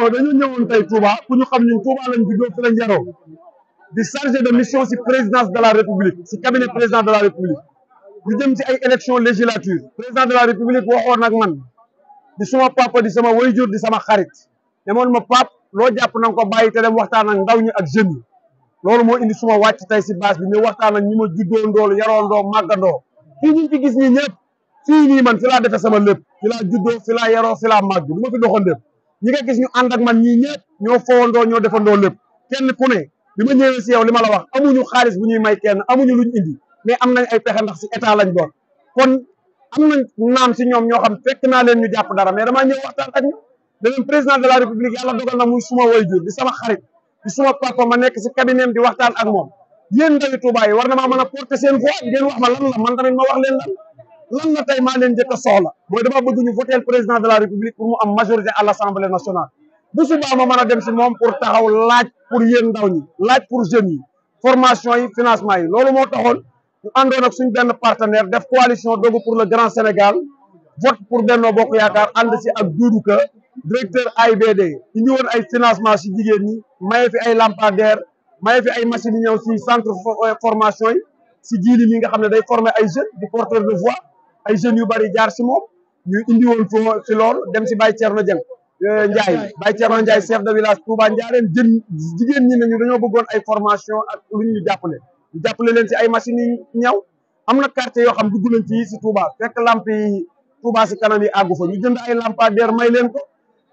bon dañu ñëwoon tey Touba pour ñu xam ñun Touba lañ juddoo fi yaroo di chargé de mission si présidence de la République ci cabinet président de la République ñu jëm ci ay élection législature président de la République waxoon nag man di suma papa di sama wayjur di sama xarit demoon ma pap loo jàpp na ko bàyyi te dem waxtaan ak ndaw ñi ak jeunes loolu moo indi suma wàcc tey si base bi ñu waxtaan ak ñi ma juddoo ndool yaroo ndoo màggandoo fii ñu fi gis ñi ñëpp fii man fi laa defee sama lépp fi laa juddoo fi laa yaroo fi laa màgg lu ma fi doxoon ñi nga gis ñu ànd ak man ñii ñëpp ñoo fowandoo ñoo defandoo lépp kenn ku ne bi ma ñëwee si yow li ma la wax amuñu xaalis bu ñuy may kenn amuñu luñ indi mais am nañ ay pexe ndax si état lañ doon kon am nañ naam si ñoom ñoo xam fekk naa leen ñu jàpp dara mais damaa ñëw waxtaan ak ñu ne leen président de la république yàlla dogal na muy suma way jur di sama xarit di suma papa ma nekk si cabinet di waxtaan ak moom yéen ndawi Tuubaa war na maa mën a porter seen voix ngeen lan na tey maa leen njëkk a soxla mooy dama bëgg ñu voter président de la république pour mu am majorité à l'assemblée nationale bu subaa ma mën a dem si moom pour taxaw laaj pour yéen ndaw ñi laaj pour jeunes yi formation yi financement yi loolu moo taxoon ñu àndoon ak suñ benn partenaire def coalition dogu pour le grand Sénégal vote pour Benno Bokk Yaakaar ànd si ak Doudou Ka directeur AIBD indi woon ay financement si jigéen ñi maye fi ay lampadaire maye fi ay machines yi ñëw si centre formation yi si jiili mi nga xam ne day former ay jeunes ay jeunes yu bari jaar si moom ñu indi woon fo si lool dem si Baye Thierno Dieng euh, Ndiaye Baye Thierno Ndiaye chef de village Touba Ndiarène jën jigéen ñi ne ñu dañoo bëggoon ay formation ak ñu jàppale jàppale leen si ay machines yi ñaw am na quartier yoo xam dugg leen ci si Touba fekk lamp yi Touba si kanam yi àggu fa ñu jënd ay lampadaire may leen ko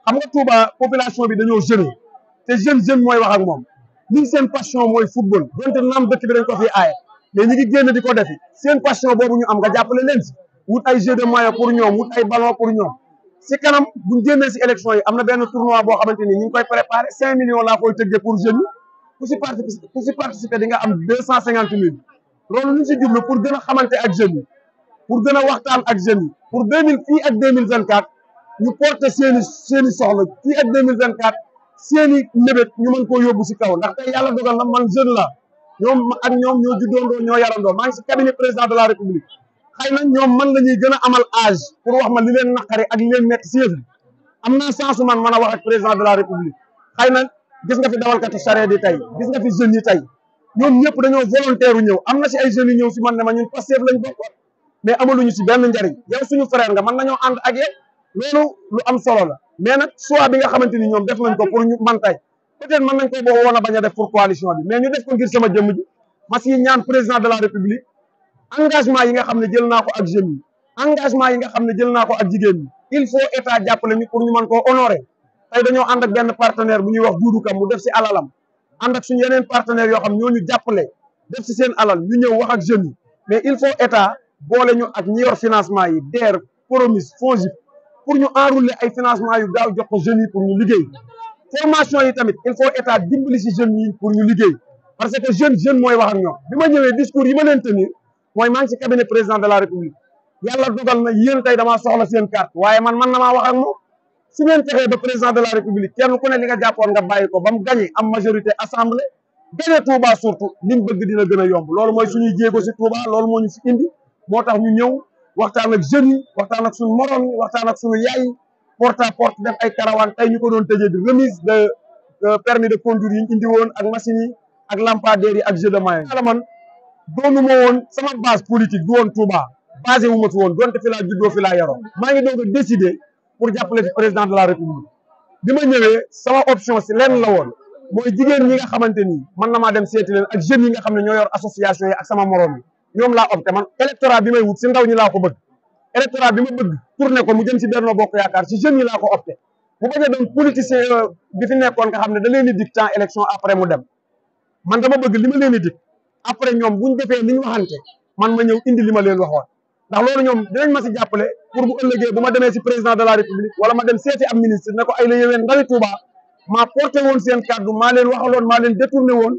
xam nga Touba population bi dañoo jeune te jeune jeune mooy wax ak moom liñ seen passion mooy football donte naam dëkk bi dañ ko fi aaye mais ñi ngi génn di ko defi seen passion boobu ñu am nga jàppale leen wut ay jeu de moyen pour ñoom wut ay ballon pour ñoom si kanam buñ génnee si élection yi am na benn tournoi boo xamante ni ñu ngi koy préparé cinq millions laa koy tëggee pour jeunes yi si participer ku nga am deux cent cinquante mille loolu ñu si jublu pour gën a xamante ak jeunes pour gën a waxtaan ak jeunes yi pour deux mille fii ak deux mille vingt quatre ñu porter seeni seeni soxla fii ak deux mille vingt quatre seeni mébét ñu mën koo yóbbu si kaw ndax tey yàlla dogal na man jeune la ñoom ñoom ñoo juddoondoo ñoo yarandoo maa ngi si cabinet président de la xëy na ñoom man la ñuy gën amal âge pour wax ma li leen naqari ak li leen nekk si am naa sensu man mën a wax ak président de la république xëy na gis nga fi dawalkatu charrette yi tey gis nga fi jeunes yi ñoom ñëpp dañoo volontaire ñëw am na si ay jeunes ñëw si man ne ma ñun Pastef lañ bokk mais amaluñu si benn njariñ yow suñu frère nga mën nañoo ànd ak yow loolu lu am solo la mais nag choix bi nga xamante ni ñoom def nañ ko pour man tey peut si ñaan président engagement yi nga xam ne jël naa ko ak jeunes yi yi nga xam ne jël naa ko ak jigéen ñi il faut état jàppale ñu pour ñu mën koo honorer tey dañoo ànd ak benn partenaire bu ñuy wax Doudou Kam mu def si alalam ànd ak suñu yeneen partenaires yoo xam ñoo ñu jàppale def si seen alal ñu ñëw wax ak jeunes yi mais il faut état boole ñu ak ñi yor financement yi DER Promis FONGIP pour ñu enrouler ay financement yu gaaw jox ko jeunes yi pour ñu liggéey formation yi tamit il faut état dimbali si jeunes yi pour ñu liggéey parce que jeune jeune mooy wax ak ñoom bi ma ñëwee discours yi ma leen mooy maa ngi ci cabinet président de la république yàlla dugal na yéen tey damaa soxla seen carte waaye man man na maa wax ak moom su ngeen fexee ba président de la république kenn ku ne li nga jàppoon nga bàyyi ko ba mu gagné am majorité assemblée gagné Touba surtout ni mu bëgg dina gën a yomb loolu mooy suñuy jéego si Touba loolu moo ñu fi indi moo tax ñu ñëw waxtaan ak jeunes yi waxtaan ak suñu morom yi waxtaan ak suñu yaay yi porte à porte def ay karawaan tey ñu ko doon tëjee di remise de permis de conduire yi ñu indi woon ak machines yi ak lampadaires yi ak doonu ma woon sama base politique du woon Touba basé wu ma fi woon donte fi laa juddoo fi laa maa ngi doog a décidé pour jàppale ci président de la république bi ma ñëwee sama option si lenn la woon mooy jigéen ñi nga xamante ni mën na maa dem seeti leen ak jeunes yi nga xam ne ñoo yor association yi ak sama moroom yi ñoom laa opté man électorat bi may wut si ndaw ñi laa ko bëgg électorat bi ma bëgg tourné ko mu jëm si Benno Bokk Yaakaar si jeunes yi laa ko opté bu bañ a doon politicien euh, bi fi nekkoon ne da leen di dig temps dem man dama bëgg li ma leen après ñoom bu buñ defee ni ñu waxante man ma ñëw indi li ma leen waxoon ndax loolu ñoom dinañ ma si jàppale pour bu ëllëgee bu ma demee si président de la république wala ma dem seeti am ministre ne ko ay la yoween ndawi Touba maa porté woon seen kàddu maa leen waxaloon maa leen détourné woon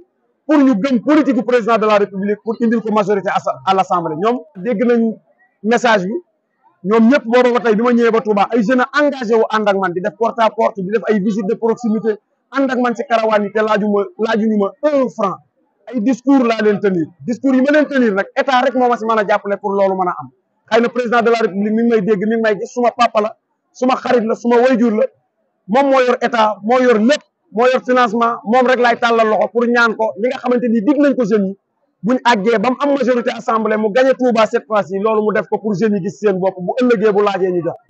pour ñu gëm politique du président de la république pour indil ko majorité à l'assemblée ñoom dégg nañ message bi ñoom ñëpp booba ba tey bi ma ñëwee ba Touba ay jeunes engagé wu ànd man di def porte à porte def ay visite de proximité ànd ak man si karawaan yi te laaju ma laaju ñu ay discours laa leen tenir discours yi ma leen tenir nag état rek moo a si mën a jàppale pour loolu mën a am xëy na président de la république mi ngi may dégg mi ngi may gis suma papa la suma xarit la suma wayjur la moom moo yor état moo yor lépp moo yor financement moom rek laay tàllal loxo pour ñaan ko li nga xamante ni dig nañ ko jeunes yi buñ àggee bam am majorité assemblée mu gagné Touba cette fois-ci loolu mu def ko pour jeunes yi gis seen bopp bu ëllëgee bu laajee ñu jox